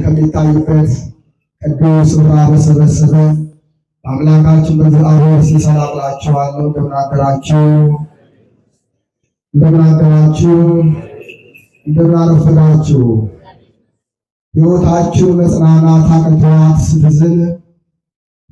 ከሚታይበት ቅዱስ ስፍራ በሰበሰበ አምላካችን በዝአብሔር ሲሰላላችኋለሁ። እንደምን አደራችሁ? እንደምን አደራችሁ? እንደምን አረፈዳችሁ? ሕይወታችሁ መጽናናት አቅቷት ስትዝል፣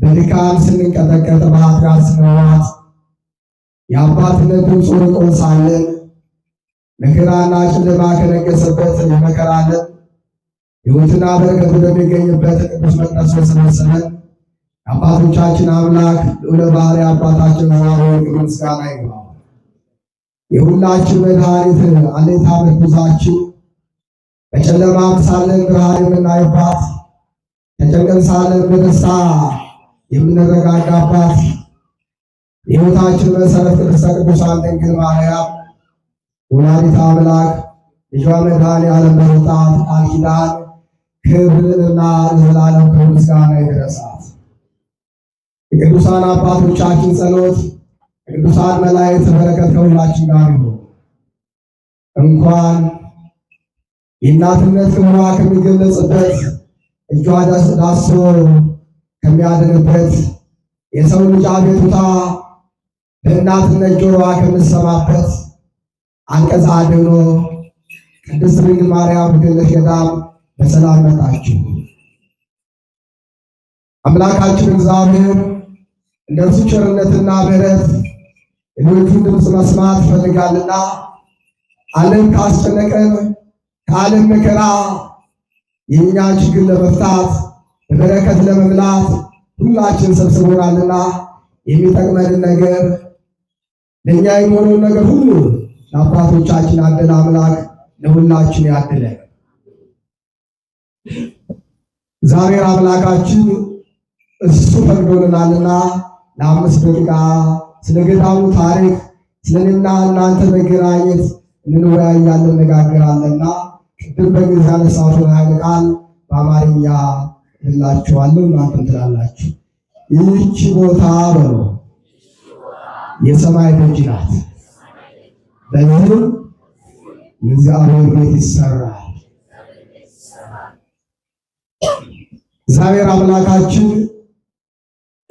በድካም ስንንቀጠቀጥ፣ በኃጢአት ስንዋጥ፣ የአባትነቱን ጾም ቆንሳለን መከራና ጨለማ ከነገሰበት የመከራለን ሕይወትና በረከቱ ወደሚገኝበት ቅዱስ መቅደስ በሰበሰበን አባቶቻችን አምላክ ልዑለ ባሕሪ አባታችን ሆይ ምስጋና ይግባ። የሁላችን መድኃኒት አሌታ መርኩዛችን በጨለማ ሳለን ብርሃን የምናይባት ተጨንቀን ሳለን በደስታ የምንረጋጋባት የሕይወታችን መሰረት ቅድስተ ቅዱሳን ድንግል ማርያም ወላዲተ አምላክ ልጇ መድኃኔዓለም በመጣት ቃል ኪዳን ክብርና ለዘላለም ክብር ምስጋና ይድረሳት። የቅዱሳን አባቶቻችን ጸሎት፣ የቅዱሳን መላእክት በረከት ከሁላችን ጋር ይሁን። እንኳን የእናትነት ክብሯ ከሚገለጽበት እጇ ዳስሶ ከሚያድንበት የሰው ልጅ አቤቱታ በእናትነት ጆሮዋ ከምትሰማበት አንቀጽ አድኖ ቅድስት ድንግል ማርያም ገነት ገዳም በሰላም መጣችሁ። አምላካችን እግዚአብሔር እንደ ቸርነትና ምሕረት የልጆቹን ድምፅ መስማት ፈልጋልና ዓለም ካስጨነቀን ከዓለም መከራ የእኛ ችግር ለመፍታት በበረከት ለመምላት ሁላችን ሰብስቦናልና የሚጠቅመንን ነገር ለእኛ የሚሆነውን ነገር ሁሉ ለአባቶቻችን አደለ አምላክ ለሁላችን ያድለን። እግዚአብሔር አምላካችን እሱ ፈቅዶልናልና ለአምስት ደቂቃ ስለ ገዳሙ ታሪክ ስለኔና እናንተ መገናኘት እንወያያለን፣ እነጋገራለንና ቅድም በግዕዝ ያነሳሁትን ኃይለ ቃል በአማርኛ እላችኋለሁ፣ እናንተም ትላላችሁ። ይህች ቦታ በሎ የሰማይ ደጅ ናት፣ በዚህም የእግዚአብሔር ቤት ይሰራል። እግዚአብሔር አምላካችን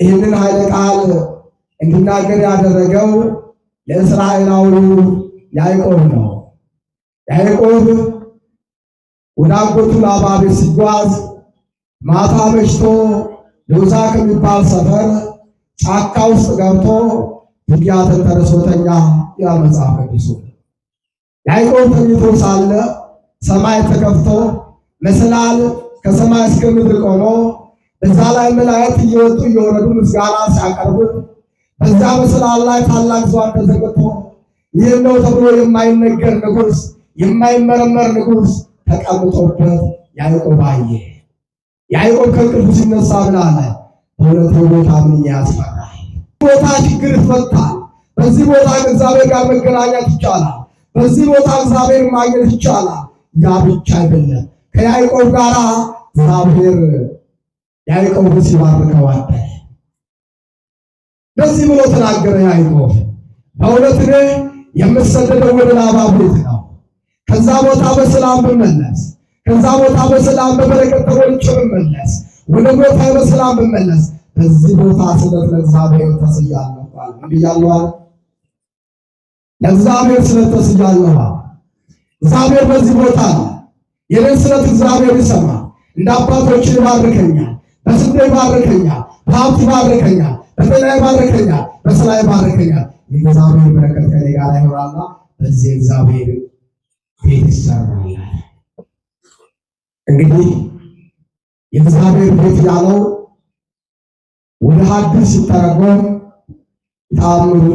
ይህንን ኃይለ ቃል እንዲናገር ያደረገው ለእስራኤላዊው ያዕቆብ ነው። ያዕቆብ ወደ አጎቱ ላባ ቤት ሲጓዝ ማታ መሽቶ ሎዛ ከሚባል ሰፈር ጫካ ውስጥ ገብቶ ድንጋይ ተንተርሶ ተኛ ይላል መጽሐፍ ቅዱስ። ያዕቆብ ተኝቶ ሳለ ሰማይ ተከፍቶ መሰላል ከሰማይ እስከ ምድር ቆሞ በዛ ላይ መላእክት እየወጡ እየወረዱ ምስጋና ሲያቀርቡ በዛ በስዕል ላይ ታላቅ ዙፋን ተዘርግቶ ይህን ነው ተብሎ የማይነገር ንጉስ የማይመረመር ንጉስ ተቀምጦበት ያዕቆብ አየ። ያዕቆብ ከእንቅልፉ ሲነሳ ምን አለ? በእውነት ቦታ ምን ያስፈራል። ቦታ ችግር ይፈታል። በዚህ ቦታ ከእግዚአብሔር ጋር መገናኘት ይቻላል። በዚህ ቦታ እግዚአብሔር ማግኘት ይቻላል። ያ ብቻ አይደለም ከያዕቆብ ጋራ እግዚአብሔር ያዕቆብ ሲባርከው አደረ። እንደዚህ ብሎ ተናገረ ያዕቆብ፣ በእውነት እኔ የምሰደደው ወደ ላባ ቤት ነው። ከዛ ቦታ በሰላም ብመለስ፣ ከዛ ቦታ በሰላም በበረከት ተወልጬ ብመለስ፣ ወደ ቦታ በሰላም ብመለስ፣ በዚህ ቦታ ስለት ለእግዚአብሔር ተስያለኋል ብያለኋል። ለእግዚአብሔር ስለት ተስያለኋል። እግዚአብሔር በዚህ ቦታ የእኔን ስለት እግዚአብሔር ይሰማል። እንደ አባቶች ይባርከኛል፣ በስንዴ ይባርከኛል፣ በሀብት ይባርከኛል፣ በጤና ይባርከኛል፣ በስራ ይባርከኛል። የእግዚአብሔር በረከት ከኔ ጋር ይኖራልና በዚህ እግዚአብሔር ቤት ይሰራል። እንግዲህ የእግዚአብሔር ቤት ያለው ወደ ሐዲስ ሲተረጎም ታምሩ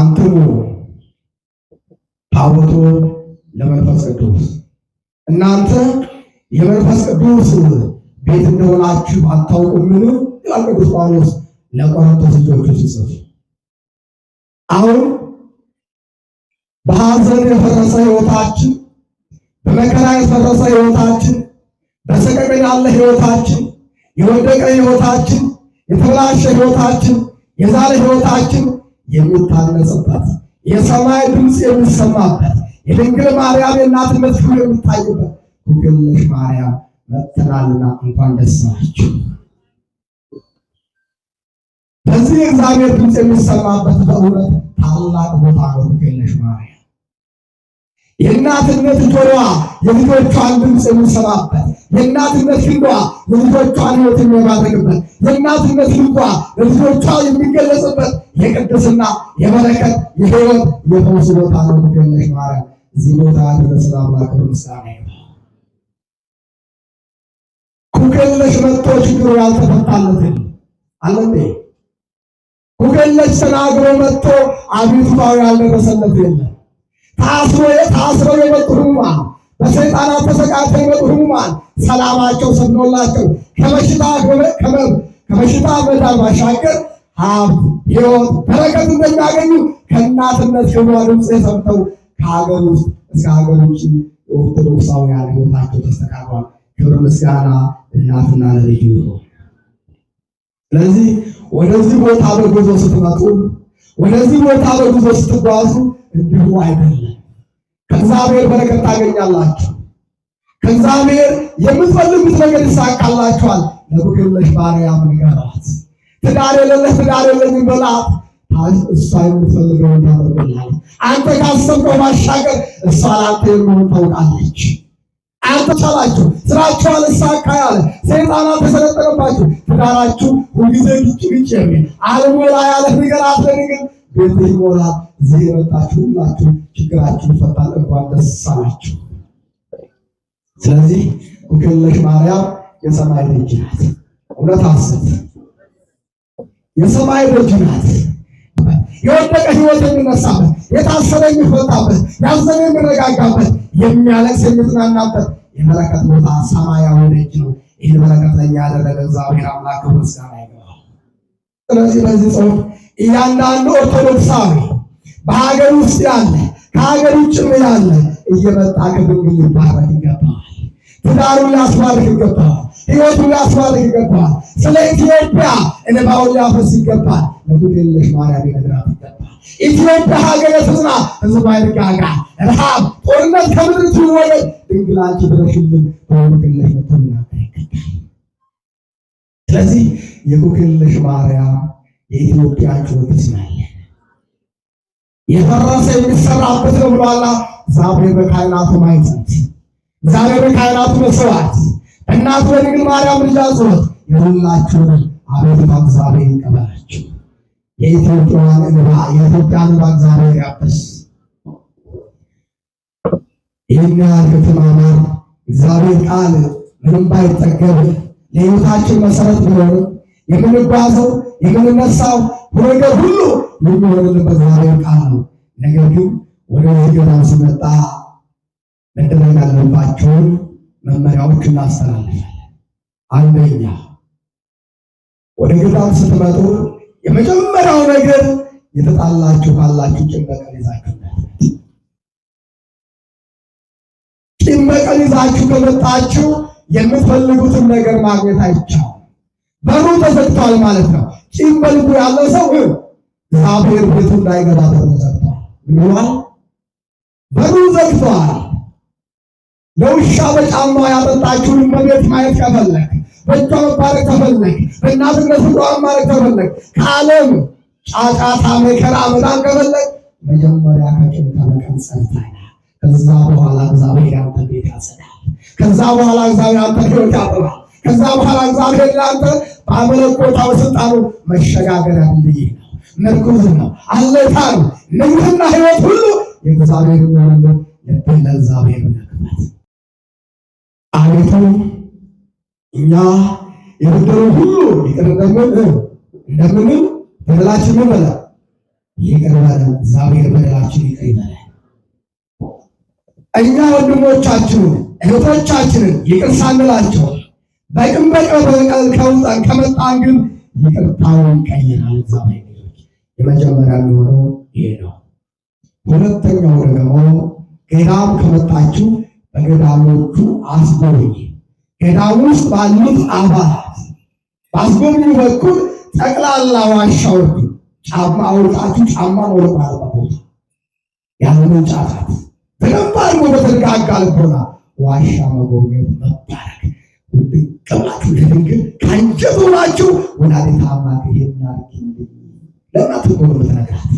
አንትሙ ታቦቱ ለመንፈስ ቅዱስ እናንተ የመንፈስ ቅዱስ ቤት እንደሆናችሁ አታውቁምን? ይላል ቅዱስ ጳውሎስ ለቆሮንቶስ ልጆቹ ሲጽፍ። አሁን በሐዘን የፈረሰ ህይወታችን፣ በመከራ የፈረሰ ህይወታችን፣ በሰቀቀን ያለ ህይወታችን የወደቀ ህይወታችን የተበላሸ ህይወታችን የዛለ ህይወታችን የሚታነጽበት የሰማይ ድምፅ የሚሰማበት የድንግል ማርያም የእናትነት ፍሬ የሚታይበት ድንግልሽ ማርያም መጥተናልና እንኳን ደስ ናችሁ። በዚህ እግዚአብሔር ድምፅ የሚሰማበት በእውነት ታላቅ ቦታ ነው። ድንግልሽ ማርያም የእናትነት ጆሮዋ የልጆቿን ድምፅ የሚሰማበት፣ የእናትነት ክንዷ የልጆቿን ሕይወት የሚያባርግበት፣ የእናትነት ልቧ ለልጆቿ የሚገለጽበት የቅድስና የበረከት የሕይወት የፈውስ ቦታ ነው። ድንግልሽ ማርያም እዚህ ቦታ ደረስን። አምላክ ምስጋና ኩገለሽ መጥቶ ችግሩ ያልተፈታለትን አለንዴ ኩገለሽ ተናግሮ መጥቶ አቤቱታው ያልደረሰለት የለም። ታስሮ ታስረው የመጡ ሕሙማን በሰይጣናት ተሰቃይተው የመጡ ሕሙማን ሰላማቸው ሰብኖላቸው ከበሽታ ከበሽታ መዳን ባሻገር ሀብት፣ ሕይወት፣ በረከት እንደሚያገኙ ከእናትነት ክብሯ ድምፅ ሰምተው ከሀገር ውስጥ እስከ ሀገር ውጭ ኦርቶዶክሳውያን ህይወታቸው ተስተካክሏል። ክብር ምስጋና እናትና ለልዩ ነው። ስለዚህ ወደዚህ ቦታ በጉዞ ስትመጡ፣ ወደዚህ ቦታ በጉዞ ስትጓዙ እንዲሁ አይደለም። ከእግዚአብሔር በረከት ታገኛላችሁ። ከእግዚአብሔር የምትፈልጉት ነገር ይሳካላችኋል። ለጉድለሽ ባሪያ ምንገራት ትዳር የሌለህ ትዳር የለኝም በላት እሷ የምትፈልገው እንዲያደርግልሃል። አንተ ካሰብከው ባሻገር እሷ ለአንተ የመሆን ታውቃለች። አንተ ቻላችሁ ስራችሁ አልሳካ ያለ ሰይጣን ተሰለጠነባችሁ። ትዳራችሁ ሁልጊዜ ግጭ ግጭ የሚል አልሞላ ያለ ነገር አትደንግን ቤት ሞላ እዚህ የመጣችሁ ሁላችሁ ችግራችሁ ይፈታል። እንኳን ደስ አላችሁ። ስለዚህ ኩክየለሽ ማርያም የሰማይ ደጅ ናት። እውነት አስብ፣ የሰማይ ደጅ ናት። የወደቀ ህይወት የሚነሳበት፣ የታሰረ የሚፈታበት፣ ያዘነ የሚረጋጋበት፣ የሚያለቅስ የሚዝናናበት የመለከት ቦታ ሰማያዊ ደጅ ነው። ይህን መለከት ለኛ ያደረገ እግዚአብሔር አምላክ ምስጋና ይገባል። ስለዚህ በዚህ ጽሁፍ እያንዳንዱ ኦርቶዶክሳዊ በሀገር ውስጥ ያለ ከሀገር ውጭም ያለ እየመጣ ክብር ሊባረክ ይገባል። ትዳሩን ሊያስባርክ ይገባል። ህይወቱን ሊያስባርክ ይገባል። ስለ ኢትዮጵያ እንባውን ሊያፈስ ይገባል። ለጉድ ማርያም ይነግራት ይገባል። ኢትዮጵያ ሀገረ ስና ህዝብ አይርቃቃ ረሃብ፣ ጦርነት ከምድር ትወለድ ድንግል አንቺ ድረሽልን በጉድ የለሽ ይገባል። ስለዚህ የጉድ ማርያም የኢትዮጵያ ጊዮርጊስ ናለ የፈረሰ የሚሰራበት ነው ብሏላ። እግዚአብሔር በካህናቱ ማይጸት እግዚአብሔር በካህናቱ መስዋዕት በእናቱ በድንግል ማርያም ልጃ ጸሎት የሁላችሁን አቤቱታ እግዚአብሔር ይቀበላችሁ። የኢትዮጵያን እንባ የኢትዮጵያን እንባ እግዚአብሔር ያብስ። ይህን ያህል ከተማማር እግዚአብሔር ቃል ምንም ባይጠገብ ለሕይወታችን መሰረት ቢሆን የምንጓዘው የምንነሳው ነገር ሁሉ የሚሆንልን በእግዚአብሔር ቃል ነው። ነገር ግን ወደ ሕይወት ስመጣ መደረግ ያለባቸውን መመሪያዎች እናስተላልፋለን። አንደኛ ወደ ገዳም ስትመጡ የመጀመሪያው ነገር የተጣላችሁ ካላችሁ ቂም በቀል ይዛችሁ ቂም በቀል ይዛችሁ ከመጣችሁ የምትፈልጉትን ነገር ማግኘት አይቻል፣ በሩ ተዘግቷል ማለት ነው። ቂም በልቡ ያለ ሰው እግዚአብሔር ቤቱ እንዳይገባ ተዘግቷል። ዘግቷል በሩ ዘግቷል። ለውሻ በጫማ ያጠጣችሁን በቤት ማየት ከፈለግ በእጇ መባረክ ተፈለግ፣ በእናትም በስሯ መባረክ ተፈለግ፣ ከዓለም ጫጫታ መከራ መዳን ከፈለግ መጀመሪያ ከጭንታ መቀን ጸንተህ ከዛ በኋላ እግዚአብሔር አንተ ቤት ያጸዳል። ከዛ በኋላ እግዚአብሔር አንተ ሕይወት ያበባል። ከዛ በኋላ እግዚአብሔር ለአንተ በአመለኮታው ስልጣኑ መሸጋገሪያ ድልድይ ነው፣ ምርኩዝ ነው፣ አለታ ነው። ንግድና ሕይወት ሁሉ የእግዚአብሔር ሆነ ለእግዚአብሔር መግባት አቤቱ እኛ የበደሉን ሁሉ ይቅር እንደምን እንደምንም በደላችን ምን በላ ይቅር በለን፣ እግዚአብሔር በደላችን ይቅር ይበላል። እኛ ወንድሞቻችንን እህቶቻችንን ይቅር ሳንላቸው በቅን በቀል ከውጠን ከመጣን ግን ይቅርታውን ይቀይራል እግዚአብሔር። የመጀመሪያ የሚሆነው ይሄ ነው። ሁለተኛው ደግሞ ገዳም ከመጣችሁ በገዳሞቹ አስጎብኝ ገዳም ውስጥ ባሉት አባላት በአስጎብኚ በኩል ጠቅላላ ዋሻዎቹ ጫማ አውጣችሁ ጫማ መውለቅ ቦታ ያለ መንጫጫት በደንብ አድርጎ በተረጋጋ ልቦና ዋሻ መጎብኘት መባረክ ቅብላችሁ ለድንግል ከአንጀት ሆናችሁ ወላዲተ አምላክ ይሄና ለእናት ጎሎ ተነግራት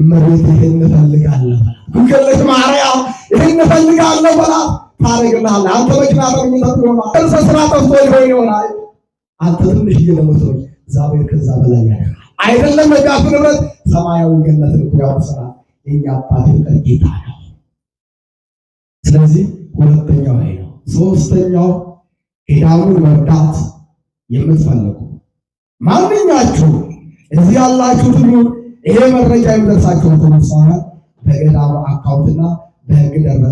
እመቤት ይሄን እፈልጋለሁ በላት ድንግል ማርያም ይሄን እፈልጋለሁ በላት ታደርግልሃለህ። አንተ መኪና ጠምኝታት ይሆናል። ስራ ጠፍቶ ሊሆን ይሆናል። አንተ ትንሽ እየለሞት እግዚአብሔር ከዛ በላይ ያደርጋል። አይደለም መጋፍ ንብረት ሰማያዊ ገነት ነው ያውሰራ የኛ አባት ፍቅር ጌታ ነው። ስለዚህ ሁለተኛው ላይ ነው። ሶስተኛው ኤዳሙን መርዳት የምትፈልጉ ማንኛችሁ እዚህ ያላችሁት ይሄ መረጃ የሚደርሳቸው ተመሳሳይ በኤዳሙ አካውንትና በህግ ደረ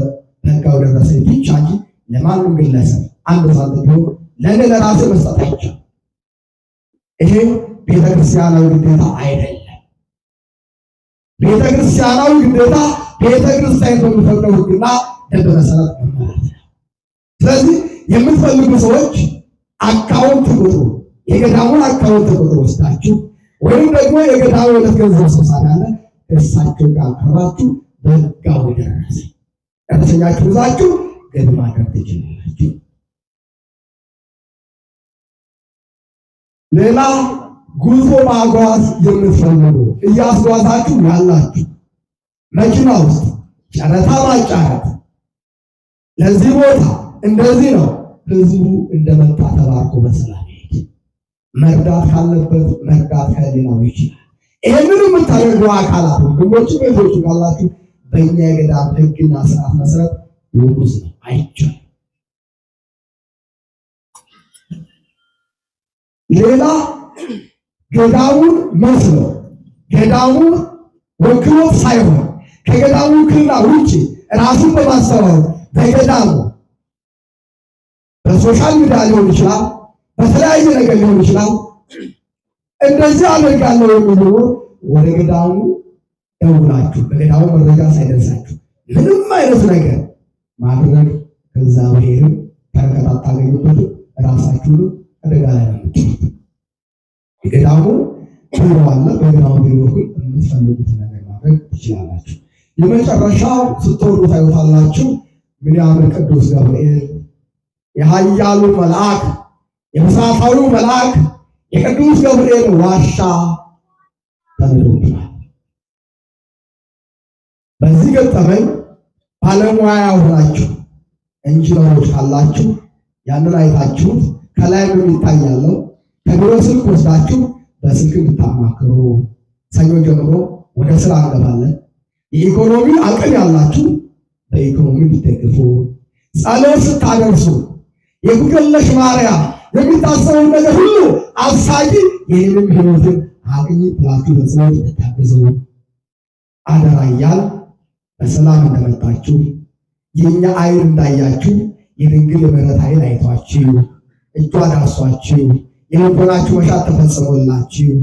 ጸጋው ደረሰኝ ብቻ እንጂ ለማንም ግለሰብ አንድ ሳንቲም ቢሆን ለእኔ ለራሴ መስጠት አይቻልም። ይሄ ቤተክርስቲያናዊ ግዴታ አይደለም። ቤተክርስቲያናዊ ግዴታ ቤተክርስቲያን በሚፈቅደው ሕግና ደንብ መሰረት መመራት ነው። ስለዚህ የምትፈልጉ ሰዎች አካውንት ቁጥሩ የገዳሙን አካውንት ቁጥር ወስዳችሁ ወይም ደግሞ የገዳሙ ዕለት ገንዘብ ሰብሳቢ አለ እሳቸው ጋር ቀርባችሁ በጋው ደረሰኝ ቀጥተኛችሁ ብዛችሁ ገቢ ማድረግ ትችላላችሁ። ሌላ ጉዞ ማጓዝ የምትፈልጉ እያስጓዛችሁ ያላችሁ መኪና ውስጥ ጨረታ ማጫረት ለዚህ ቦታ እንደዚህ ነው። ህዝቡ እንደመጣ ተባርኮ በሰላም መርዳት ካለበት መርዳት ከሌላው ይችላል። ይህንን የምታደርገው አካላት ወንድሞች ቤቶች ካላችሁ በእኛ የገዳም ህግና ስርዓት መሰረት ርኩስ ነው፣ አይቻልም። ሌላ ገዳሙን መስሎ ገዳሙን ወክሎ ሳይሆን ከገዳሙ ውክልና ውጭ ራሱን በገዳ በገዳሙ በሶሻል ሚዲያ ሊሆን ይችላል፣ በተለያየ ነገር ሊሆን ይችላል። እንደዚህ አደርጋለሁ የሚሉ ወደ ገዳሙ ደውላችሁ በሌላው መረጃ ሳይደርሳችሁ ምንም አይነት ነገር ማድረግ እግዚአብሔርን በረከት አታገኙበት፣ ራሳችሁን አደጋ ላይ ናምት። የገዳሙ ቢሮ አለ። በገዳሙ ቢሮ የምትፈልጉት ነገር ማድረግ ትችላላችሁ። የመጨረሻው ስትወዱ ታዩታላችሁ። ምንያምን ቅዱስ ገብርኤል የኃያሉ መልአክ የመሳፋዊው መልአክ የቅዱስ ገብርኤል ዋሻ ተንዶብናል። በዚህ ገጠመኝ ባለሙያ ያውራችሁ ኢንጂነሮች ካላችሁ ያንን አይታችሁት ከላይ በሚታይ ይታያለው ከቢሮ ስልክ ወስዳችሁ በስልክ እንድታማክሩ ሰኞ ጀምሮ ወደ ስራ እንገባለን። የኢኮኖሚ አቅም ያላችሁ በኢኮኖሚ እንድትደግፉ፣ ጸሎት ስታደርሱ የፍቅርነሽ ማርያ የሚታሰበው ነገር ሁሉ አሳጊ ይህንም ህይወትን አግኝ ብላችሁ በጸሎት እንድታገዙ አደራ እያል በሰላም እንደመጣችሁ የኛ አይን እንዳያችሁ የድንግል የምሕረት ኃይል አይቷችሁ እጇ ዳሷችሁ የልቦናችሁ መሻት ተፈጽሞላችሁ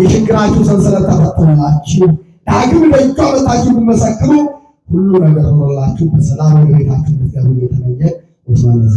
የችግራችሁ ሰንሰለት ተፈቶላችሁ ዳግም ለእጇ መታችሁ ብመሰክሩ ሁሉ ነገር ሆኖላችሁ በሰላም ወደ ቤታችሁ እንድትገቡ እየተመኘ ወስማለዘ